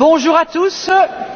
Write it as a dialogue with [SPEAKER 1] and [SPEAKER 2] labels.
[SPEAKER 1] bonjour à tous.